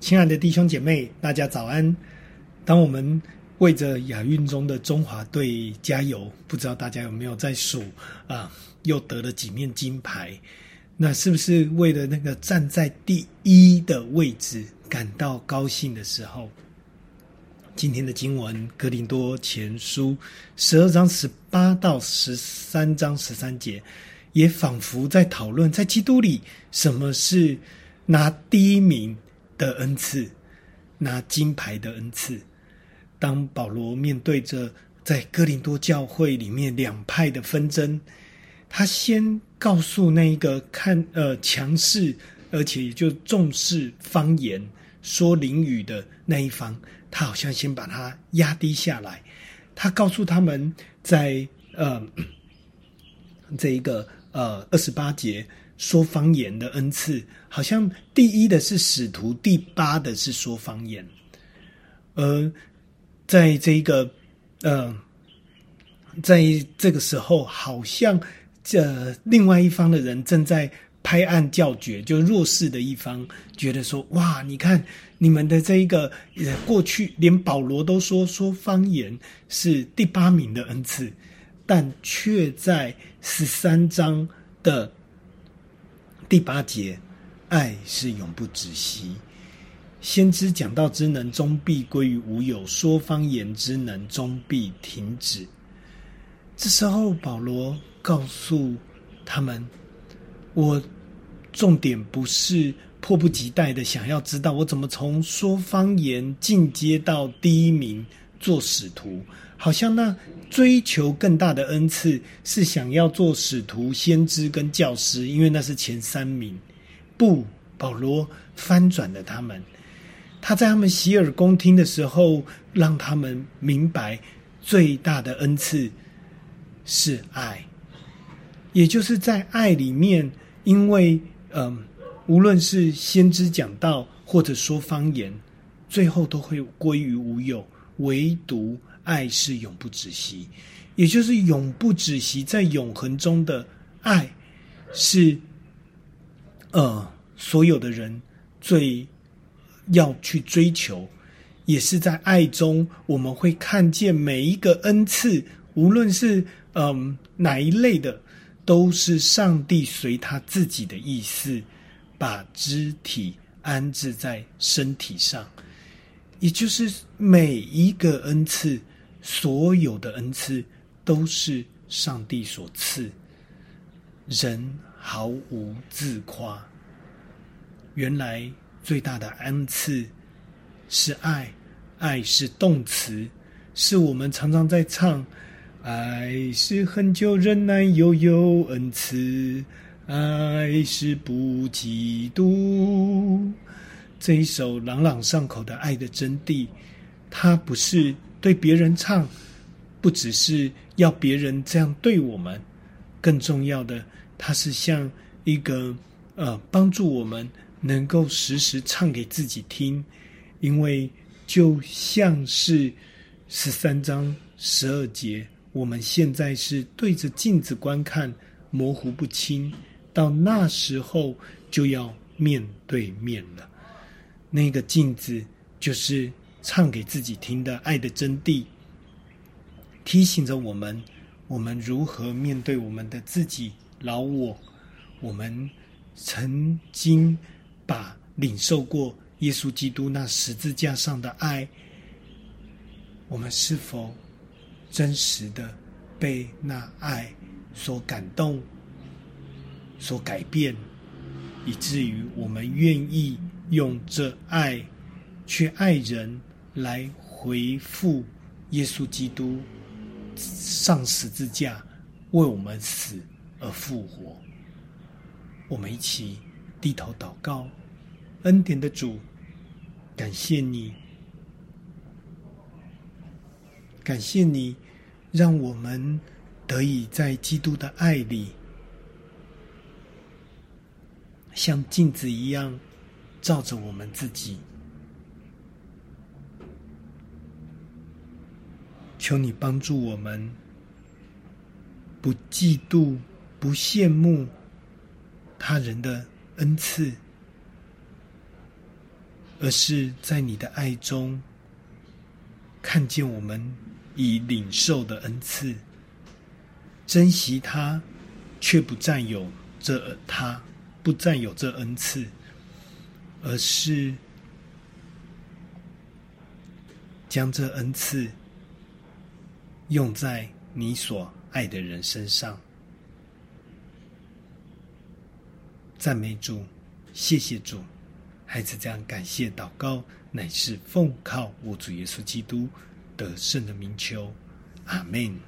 親愛的弟兄姐妹，大家早安！當我們為着亞運中的中華隊加油，不知道大家有沒有在數啊？又得了幾面金牌？那是不是為了那個站在第一的位置感到高興的時候？今天的經文《哥林多前書》十二章十八到十三章十三節，也仿佛在討論在基督裡什麼是拿第一名。的恩賜，拿金牌的恩賜。當保羅面對着在哥林多教會裡面兩派的紛爭，他先告訴那一個看呃強勢而且也就重視方言說靈語的那一方，他好像先把他壓低下來。他告訴他們在，在呃這一個呃二十八節。說方言的恩賜，好像第一的是使徒，第八的是說方言。而在這一個，呃，在這個時候，好像這、呃、另外一方的人正在拍案叫絕，就弱勢的一方覺得說：“哇，你看你們的這一個過去，連保羅都說說方言是第八名的恩賜，但卻在十三章的。”第八節，愛是永不止息。先知講道之能終必歸於無有，說方言之能終必停止。這時候，保羅告訴他們，我重點不是迫不及待的想要知道我怎麼從說方言進階到第一名。做使徒，好像那追求更大的恩賜是想要做使徒、先知跟教師，因為那是前三名。不，保羅翻轉了他們。他在他們洗耳恭聽的時候，讓他們明白最大的恩賜是愛，也就是在愛裡面。因為，嗯、呃，無論是先知講道，或者說方言，最後都會歸於無有。唯獨愛是永不止息，也就是永不止息在永恆中的愛是，是呃所有的人最要去追求，也是在愛中我們會看見每一個恩賜，無論是嗯、呃、哪一類的，都是上帝隨他自己的意思，把肢體安置在身體上。也就是每一個恩賜，所有的恩賜都是上帝所賜，人毫無自誇。原來最大的恩賜是愛，愛是動詞，是我們常常在唱。愛是恆久忍耐，又有恩慈，愛是不嫉妒。這一首朗朗上口的《愛的真諦》，它不是對別人唱，不只是要別人這樣對我們，更重要的，它是像一個呃，幫助我們能夠時時唱給自己聽，因為就像是十三章十二節，我們現在是對着鏡子觀看，模糊不清，到那時候就要面對面了。那個鏡子就是唱給自己聽的愛的真諦，提醒着我們：我們如何面對我們的自己老我？我們曾經把領受過耶穌基督那十字架上的愛，我們是否真實的被那愛所感動、所改變，以至於我們願意？用這愛去愛人，來回復耶穌基督上十字架為我們死而復活。我們一起低頭禱告，恩典的主，感謝你，感謝你，讓我們得以在基督的愛裡，像鏡子一樣。照着我們自己，求你幫助我們，不嫉妒、不羨慕他人的恩賜，而是在你的愛中看見我們已領受的恩賜，珍惜他，卻不占有這他，不占有這恩賜。而是將這恩賜用在你所愛的人身上。讚美主，謝謝主，還是這樣感謝禱告，乃是奉靠我主耶穌基督得勝的名求。阿門。